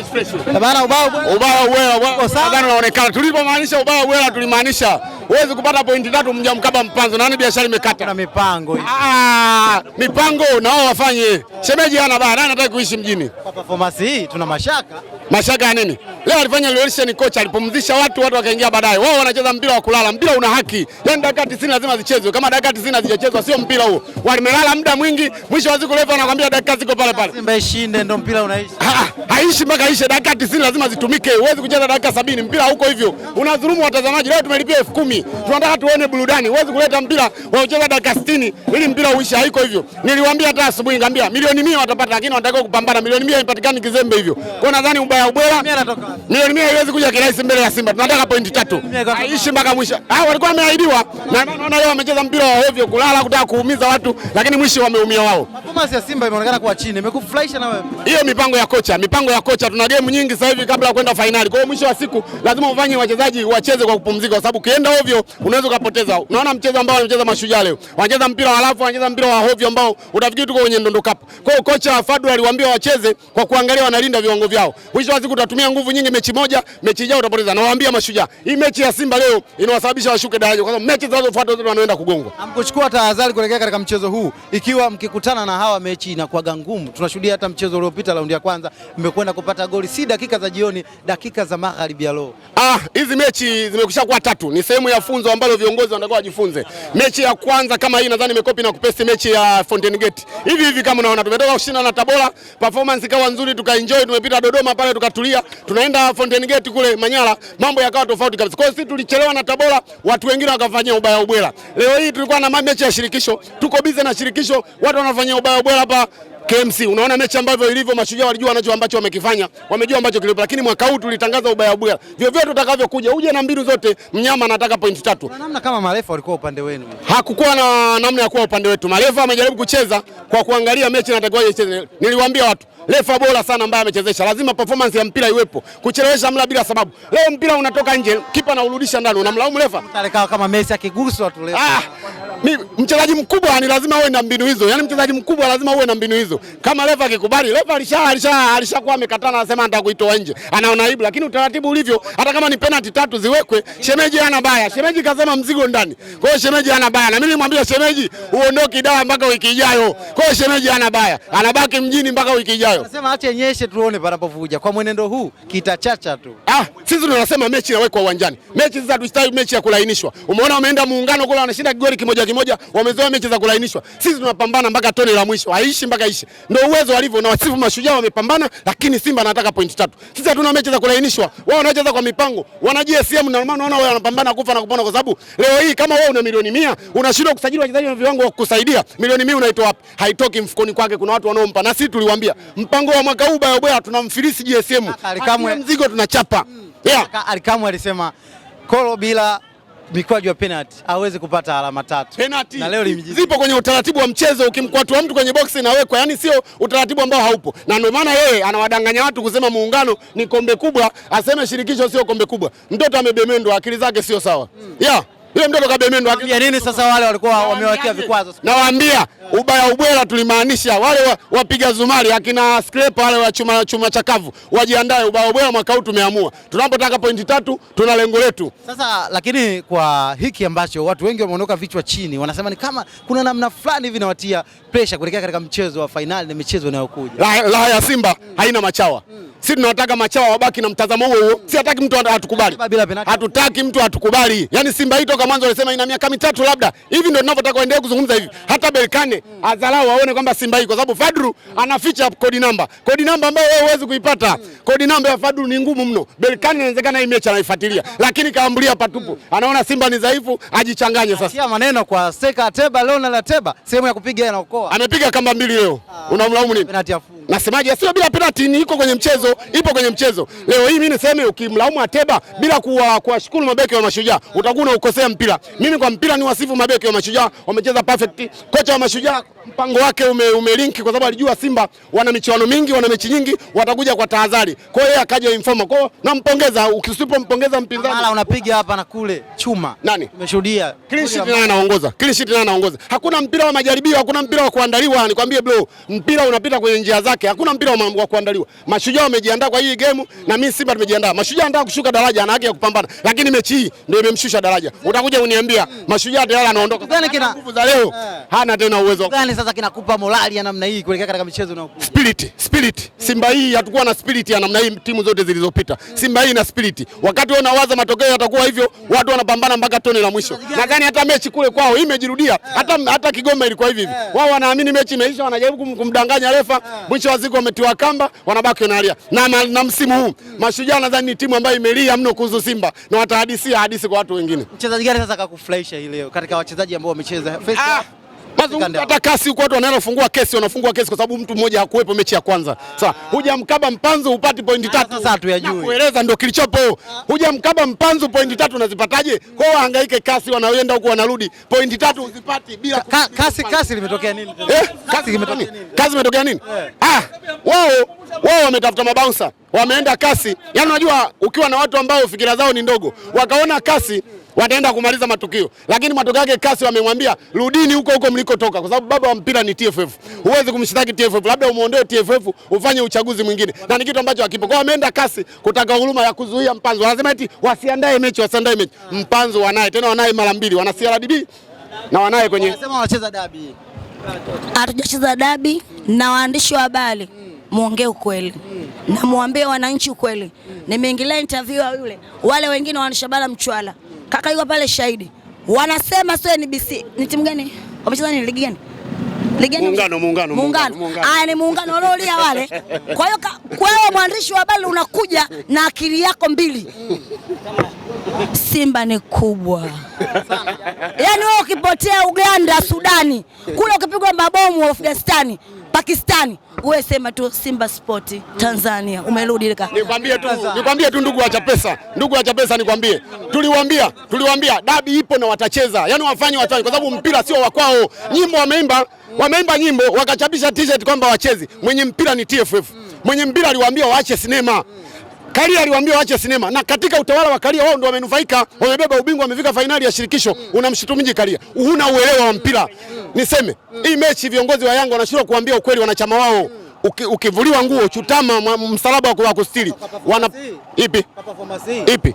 Ubaya ubaya unaonekana, tulipomaanisha ubaya ubwela tulimaanisha huwezi kupata pointi tatu mja mkaba Mpanzo, naona biashara imekata Kuna mipango ah, mipango na wao wafanye. Shemeji ana baa nani anataka kuishi mjini kwa performance hii, tuna mashaka mashaka ya nini? Leo alifanya revolution kocha alipumzisha watu, watu wakaingia baadaye. Wao wanacheza mpira wa kulala, mpira una haki, yaani dakika 90 lazima zichezwe. Kama dakika 90 hazijachezwa sio mpira huo, walimelala muda mwingi. Mwisho wa siku refa anakuambia dakika ziko pale pale, Simba ishinde, ndio mpira unaishi. Ha, ah, ah, haishi mpaka ishe. Dakika 90 lazima zitumike, huwezi kucheza dakika 70 mpira huko hivyo, unadhulumu watazamaji. Leo tumelipia elfu kumi burudani, tunataka tuone burudani. Huwezi kuleta mpira wa kucheza dakika 60 ili mpira uishe, haiko hivyo. Niliwaambia hata asubuhi, ngambia milioni 100 watapata, lakini wanataka kupambana. Milioni 100 ipatikani kizembe hivyo. Kwa nadhani ubaya ubwela, milioni 100 haiwezi kuja kirahisi mbele ya Simba. Tunataka pointi tatu, aishi mpaka mwisho. Ah, walikuwa wameahidiwa, na naona leo wamecheza mpira wa ovyo, kulala, kutaka kuumiza watu, lakini mwisho wameumia wao. Performance ya Simba imeonekana kuwa chini. Imekufurahisha na wewe? Hiyo mipango ya kocha, mipango ya kocha. Tuna game nyingi sasa hivi kabla ya kwenda fainali, kwa hiyo mwisho wa siku lazima ufanye wachezaji wacheze kwa kupumzika, kwa sababu ukienda hovyo unaweza ukapoteza. Unaona mchezo ambao wanacheza mashujaa leo, wanacheza mpira wa halafu, wanacheza mpira wa hovyo ambao utafikiri tuko kwenye ndondo kapu. Kwa hiyo kocha Fadlu aliwaambia wacheze kwa kuangalia wanalinda viwango vyao. Mwisho wa siku utatumia nguvu nyingi mechi moja, mechi ijayo utapoteza. Nawaambia mashujaa, hii mechi ya Simba leo inawasababisha washuke daraja, kwa sababu mechi zinazofuata zote wanaenda kugongwa. Amkuchukua tahadhari kuelekea katika mchezo huu, ikiwa mkikutana na hawa mechi inakuwa ngumu. Tunashuhudia hata mchezo uliopita raundi ya kwanza mmekwenda kupata goli si dakika za jioni, dakika za magharibi ya leo. Ah, hizi mechi zimekwisha kuwa tatu, ni sehemu ya funzo ambalo viongozi wanataka wajifunze. Mechi ya kwanza kama hii nadhani imekopi na kupesti mechi ya Fountain Gate hivi hivi, kama unaona tumetoka kushinda na Tabora, performance ikawa nzuri, tukaenjoy, tumepita Dodoma pale tukatulia, tunaenda Fountain Gate kule Manyara, mambo yakawa tofauti kabisa. Kwa hiyo sisi tulichelewa na Tabora, watu wengine wakafanyia ubaya ubwela. Leo hii tulikuwa na mechi ya shirikisho, tuko bize na shirikisho, watu wanafanyia ubaya ubwela hapa KMC unaona mechi ambavyo ilivyo, mashujaa walijua wanacho ambacho wamekifanya, wamejua ambacho kilipo, lakini mwaka huu tulitangaza ubaya bwela. Vyovyote utakavyokuja uje na mbinu zote, mnyama anataka pointi tatu. Kuna namna kama marefa walikuwa upande wenu, hakukuwa na namna ya kuwa upande wetu. Marefa amejaribu kucheza kwa kuangalia mechi inatakiwaje icheze. Niliwaambia watu refa bora sana ambaye amechezesha lazima performance ya mpira iwepo, kuchelewesha mla bila sababu. Leo mpira unatoka nje, kipa na urudisha ndani, unamlaumu refa? Mtalekao kama Messi akiguswa tu refa. Ah, mchezaji mkubwa ni lazima awe na mbinu hizo, yani mchezaji mkubwa lazima uwe na mbinu hizo mchezo. Kama refa akikubali, refa alisha alisha alishakuwa amekataa na anasema nataka kuitoa nje. Anaona aibu, lakini utaratibu ulivyo, hata kama ni penalty tatu ziwekwe, shemeji hana baya. Shemeji kasema mzigo ndani. Kwa hiyo shemeji hana baya. Na mimi nimwambia shemeji uondoke dawa mpaka wiki ijayo. Kwa hiyo shemeji hana baya. Anabaki mjini mpaka wiki ijayo. Anasema acha nyeshe tuone panapovuja. Kwa mwenendo huu kitachacha tu. Ah, sisi tunasema mechi inawekwa uwanjani. Mechi za tustawi mechi ya kulainishwa. Umeona wameenda muungano kule wanashinda kigoli kimoja kimoja, wamezoea mechi za kulainishwa. Sisi tunapambana mpaka toni la mwisho. Haishi mpaka ishi kulainisha, ndio uwezo walivyo na wasifu. Mashujaa wamepambana, lakini Simba anataka pointi tatu. Sisi hatuna mechi za kulainishwa, wao wanacheza kwa mipango, wana GSM na maana wao wanapambana kufa na kupona, kwa sababu leo hii kama wewe una milioni mia unashindwa kusajili wachezaji wa viwango wa kukusaidia, milioni mia unaitoa wapi? Haitoki mfukoni kwake, kuna watu wanaompa. Na sisi tuliwaambia mpango wa mwaka huu baya baya, tunamfilisi GSM Alikamwe mzigo tunachapa. Yeah, Alikamwe alisema kolo bila mikwaju ya penalty aweze kupata alama tatu. Penalty na leo zipo kwenye utaratibu wa mchezo, ukimkwatua mtu kwenye boksi inawekwa, yani sio utaratibu ambao haupo, na ndio maana yeye anawadanganya watu kusema muungano ni kombe kubwa, aseme shirikisho sio kombe kubwa. Mtoto amebemendwa, akili zake sio sawa. Mm. Yeah ile mtoto kabemendo akija nini sasa, wale walikuwa wamewekea vikwazo. Nawaambia ubaya ubwela, tulimaanisha wale wapiga wa zumari akina scrape wale wa chuma, chuma chakavu wajiandae, ubaya ubwela mwaka huu tumeamua, tunapotaka pointi tatu tuna lengo letu sasa. Lakini kwa hiki ambacho watu wengi wameondoka vichwa chini, wanasema ni kama kuna namna fulani hivi inawatia pressure kuelekea katika mchezo wa fainali na michezo inayokuja. la ya Simba mm. haina machawa mm. Sisi tunataka machawa wabaki na mtazamo huo huo, si hataki mtu atukubali. hatutaki mtu atukubali. Yani Simba hii toka mwanzo walisema ina miaka mitatu labda hivi, ndio tunavyotaka waendelee kuzungumza hivi, hata Berkane adhalau waone kwamba Simba hii, kwa sababu Fadru anaficha kodi namba, kodi namba ambayo wewe huwezi kuipata. Kodi namba ya Fadru ni ngumu mno. Berkane inawezekana hii mechi anaifuatilia, lakini kaambulia patupu, anaona Simba ni dhaifu, ajichanganye sasa. Sia maneno kwa Seka Teba, Leonard Teba, sehemu ya kupiga inaokoa, amepiga kamba mbili leo, unamlaumu nini? Nasemaje? Sio bila penalty, ni iko kwenye mchezo, ipo kwenye mchezo. Leo hii mimi niseme ukimlaumu Ateba bila kuwashukuru mabeki wa Mashujaa utakuwa unaukosea mpira. Mimi kwa mpira ni wasifu mabeki wa Mashujaa, wamecheza perfect. Kocha wa Mashujaa mpango wake ume, ume link kwa sababu alijua Simba wana michuano mingi, wana mechi nyingi, watakuja kwa tahadhari. Kwa hiyo akaja informa. Kwa hiyo nampongeza, ukisipompongeza mpinzani ala unapiga hapa na kule chuma. Nani? Tumeshuhudia. Clean sheet naye anaongoza. Clean sheet naye anaongoza. Hakuna mpira wa majaribio, hakuna mpira wa kuandaliwa. Nikwambie bro, mpira unapita kwenye njia zake wake hakuna mpira wa kuandaliwa. Mashujaa wamejiandaa kwa hii game na mimi Simba tumejiandaa. Mashujaa anataka kushuka daraja, ana haki ya kupambana, lakini mechi hii ndio imemshusha daraja. Utakuja kuniambia Mashujaa tayari anaondoka, nguvu za leo eh. hana tena uwezo gani? Sasa kinakupa morali ya namna hii kuelekea katika michezo inayokuja, spirit spirit. Simba hii hatakuwa na spirit ya namna hii, timu zote zilizopita. Simba hii ina spirit, wakati wao nawaza matokeo yatakuwa hivyo, watu wanapambana mpaka tone la mwisho. Nadhani hata mechi kule kwao imejirudia, eh. hata hata Kigoma ilikuwa hivi hivi, eh. wao wanaamini mechi imeisha, wanajaribu kumdanganya refa mwisho kesho waziko wametiwa kamba, wanabaki wanalia na, na, na msimu huu Mashujaa nadhani ni timu ambayo imelia mno kuhusu Simba na watahadisia hadisi kwa watu wengine. Mchezaji gani sasa akakufurahisha hii leo katika wachezaji ambao wamecheza? Ah! mazungumzo hata kasi huko, watu wanafungua kufungua kesi, wanafungua kesi kwa sababu mtu mmoja hakuwepo mechi ya kwanza. Sawa, hujamkaba Mpanzu upati pointi tatu, sasa tuyajui, kueleza ndio kilichopo. Hujamkaba Mpanzu pointi tatu unazipataje? Kwao wahangaike kasi, wanaenda huko wanarudi, pointi tatu uzipati bila kasi. Eh, kasi limetokea nini? Eh. Kasi limetokea nini? Ah, wao wao wametafuta mabaunsa, wameenda kasi. Yaani unajua ukiwa na watu ambao fikira zao ni ndogo, wakaona kasi wataenda kumaliza matukio, lakini matokeo yake kasi wamemwambia rudini huko huko mlikotoka, kwa sababu baba wa mpira ni TFF. Huwezi kumshitaki TFF, labda umuondoe TFF ufanye uchaguzi mwingine, na ni kitu ambacho hakipo Kwa Wameenda kasi kutaka huruma ya kuzuia Mpanzo, wanasema eti wasiandae mechi, wasiandae mechi. Mpanzo wanaye tena, wanaye mara mbili, wana CRDB na wanaye kwenye, wanasema wanacheza dabi, hatujacheza dabi na waandishi wa habari muongee ukweli na muambie wananchi ukweli. Nimeingilia interview ya yule wale wengine wanashabana mchwala kaka yuko pale shahidi, wanasema sio NBC ni timu gani wamecheza, ni ligi gani? Muungano, muungano, ni muungano waliolia wale. Kwa hiyo kwa hiyo mwandishi wa habari unakuja na akili yako mbili. Simba ni kubwa yaani, wewe ukipotea Uganda, Sudani kule, ukipigwa mabomu Afghanistani Pakistani, wewe sema tu Simba Sport Tanzania umerudi. Nikwambie tu, nikwambie tu ndugu acha pesa, ndugu acha pesa, nikwambie tuliwaambia, tuliwaambia dabi ipo na watacheza, yani wafanye watani, kwa sababu mpira sio wa kwao. Nyimbo wameimba, wameimba nyimbo wakachapisha t-shirt kwamba wachezi, mwenye mpira ni TFF, mwenye mpira aliwaambia waache sinema Karia aliwaambia waache sinema, na katika utawala wa Karia wao ndio wamenufaika, wamebeba ubingwa, wamefika fainali ya shirikisho. Unamshutumiji Karia? Huna uelewa wa mpira. Niseme hii mechi, viongozi wa Yanga wanashindwa kuambia ukweli wanachama wao ukivuliwa nguo chutama msalaba wa kustiri wana ipi ipi,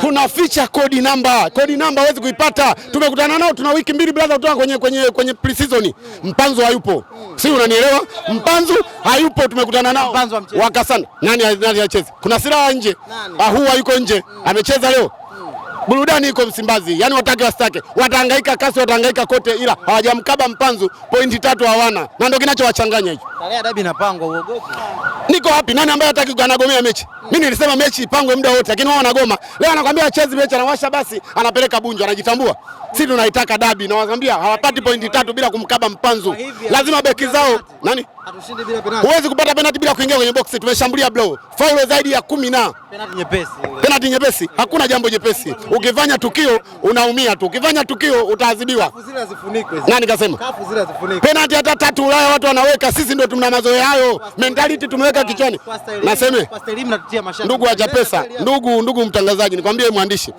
tunaficha kodi namba. Kodi namba wezi kuipata. Hmm. Tumekutana nao, tuna wiki mbili brother, kutoka kwenye kwenye kwenye pre-season. Hmm. Mpanzo hayupo, hmm. si unanielewa? Mpanzo hayupo, tumekutana nao wakasana. Nani nani acheze? Kuna silaha nje, ahua yuko nje, amecheza leo burudani iko Msimbazi, yani watake wasitake, watahangaika kasi, watahangaika kote, ila hawajamkaba Mpanzu, pointi tatu hawana, na ndio kinachowachanganya hicho. Tarehe dabi inapangwa, uogopi? Niko wapi? Nani ambaye hataki anagomea mechi? Hmm. Mimi nilisema mechi ipangwe muda wote, lakini wao wanagoma. Leo anakwambia achezi mechi, anawasha basi, anapeleka bunjo, anajitambua. Sisi tunaitaka dabi, na wanaambia hawapati pointi tatu bila kumkaba Mpanzu, lazima beki zao nani Atushinde bila penalti. Huwezi kupata penalti bila kuingia kwenye box. Tumeshambulia blow. Faulo zaidi ya kumi na. Penalti nyepesi. Penalti nyepesi. Hakuna jambo jepesi. Ukifanya tukio unaumia tu. Ukifanya tukio utaadhibiwa. Kafu zile Nani kasema? Kafu zile Penalti hata tatu Ulaya watu wanaweka, sisi ndio tuna mazoea hayo. Mentality tumeweka kichwani. Naseme. Ndugu acha pesa. Ndugu ndugu mtangazaji, nikwambie mwandishi. Na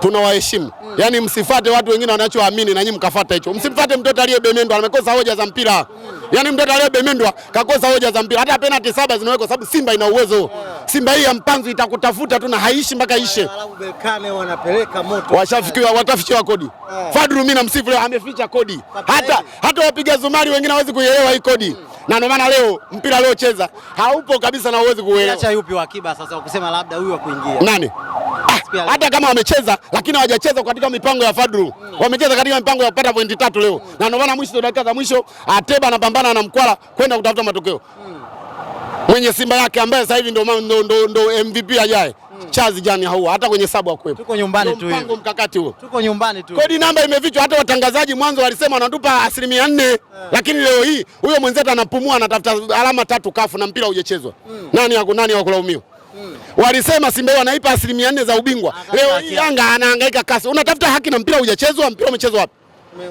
tunawaheshimu mm. Yaani, msifate watu wengine wanachoamini na nyinyi mkafata hicho. Msimfate mtoto aliyebemendwa, amekosa hoja za mpira mm. Yaani mtoto aliyebemendwa kakosa hoja za mpira. Hata penalti saba zinawekwa sababu Simba ina uwezo. yeah. Simba hii ya mpanzu itakutafuta tu na haishi mpaka ishe. Washafikiwa, watafichiwa kodi. yeah. Fadru mimi namsifu leo, ameficha kodi, hata hata wapiga zumari wengine hawezi kuielewa hii kodi mm. na ndio maana leo mpira leo cheza haupo kabisa na uwezi kuelewa. Acha yupi wa akiba sasa ukisema labda huyu wa kuingia. Nani? hata kama wamecheza, lakini hawajacheza katika mipango ya Fadru, mm. wamecheza katika mipango ya kupata pointi tatu leo, mm. na ndio maana mwisho, dakika za mwisho, Ateba anapambana na Mkwala kwenda kutafuta matokeo mm. mwenye Simba yake ambaye sasa hivi ndo, ndo, ndo, ndo MVP ajaye Chazi jani haua hata kwenye sabu akuepo. Tuko nyumbani tu hivi. Mpango mkakati huo. Tuko nyumbani tu. Kodi namba imefichwa, hata watangazaji mwanzo walisema wanatupa asilimia nne yeah. Lakini leo hii huyo mwenzetu anapumua anatafuta alama tatu kafu na mpira hujachezwa mm. Nani nani wa kulaumiwa? Walisema Simba wanaipa asilimia nne za ubingwa. Leo hii Yanga anahangaika kasi, unatafuta haki na mpira hujachezwa. Mpira umechezwa wapi?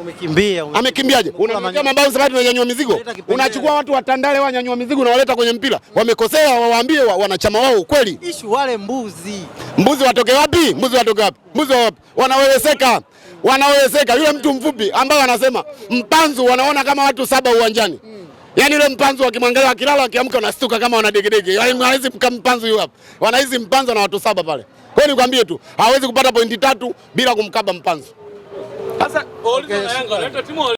Umekimbia, amekimbiaje? Unamkia mabao sababu unanyanyua mizigo, unachukua watu wa Tandale wanyanyua mizigo unawaleta kwenye mpira. Mm. Wamekosea, wawaambie wanachama wao ukweli. Ishu wale mbuzi, mbuzi watoke wapi? Mbuzi watoke wapi? Mbuzi wapi? Wanaweweseka, wanaweweseka. Yule mtu mfupi ambaye anasema mpanzu, wanaona kama watu saba uwanjani mm. Yaani yule mpanzu wakimwangalia akilala akiamka unastuka kama wana degedege. Yaani hawezi mkampanzu yule hapo. Wanaizi mpanzu na watu saba pale. Kwa hiyo nikwambie tu, hawezi kupata pointi tatu bila kumkaba mpanzu. Sasa okay.